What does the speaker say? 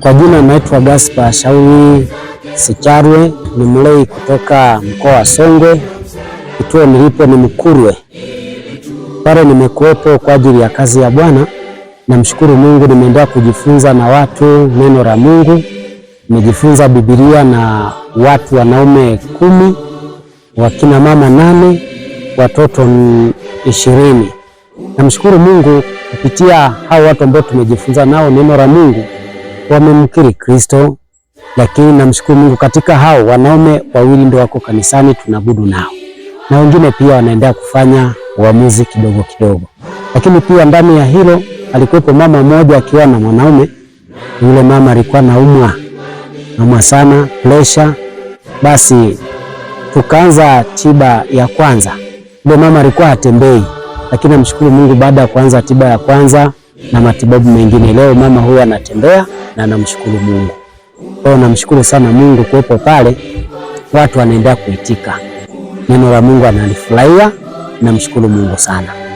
Kwa jina naitwa gaspa Shauri Sicharwe, ni mlei kutoka mkoa wa Songwe. Kituo nilipo ni Mkurwe, pale nimekuwepo kwa ajili ya kazi ya Bwana. Namshukuru Mungu, nimeendelea kujifunza na watu neno la Mungu. Nimejifunza Biblia na watu wanaume kumi, wakina mama nane, watoto ishirini. Namshukuru Mungu kupitia hao watu ambao tumejifunza nao neno la Mungu, wamemkiri Kristo, lakini namshukuru Mungu katika hao wanaume wawili ndio wako kanisani tunabudu nao, na wengine pia wanaendelea kufanya uamuzi kidogo kidogo. Lakini pia ndani ya hilo alikuwepo mama mmoja akiwa na mwanaume. Yule mama alikuwa naumwa naumwa sana, pressure. Basi tukaanza tiba ya kwanza. Yule mama alikuwa hatembei lakini namshukuru Mungu, baada ya kuanza tiba ya kwanza na matibabu mengine, leo mama huyu anatembea na namshukuru Mungu. Kwa hiyo namshukuru sana Mungu kuwepo pale, watu wanaendelea kuitika neno la Mungu, analifurahia. Namshukuru Mungu sana.